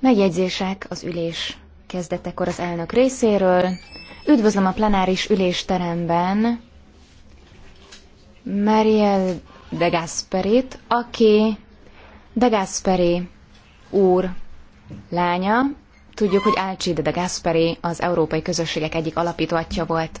Megjegyzések az ülés kezdetekor az elnök részéről. Üdvözlöm a plenáris ülésteremben Mariel de Gasperit, aki de Gasperi úr lánya. Tudjuk, hogy Alcide de Gasperi az európai közösségek egyik alapítóatja volt.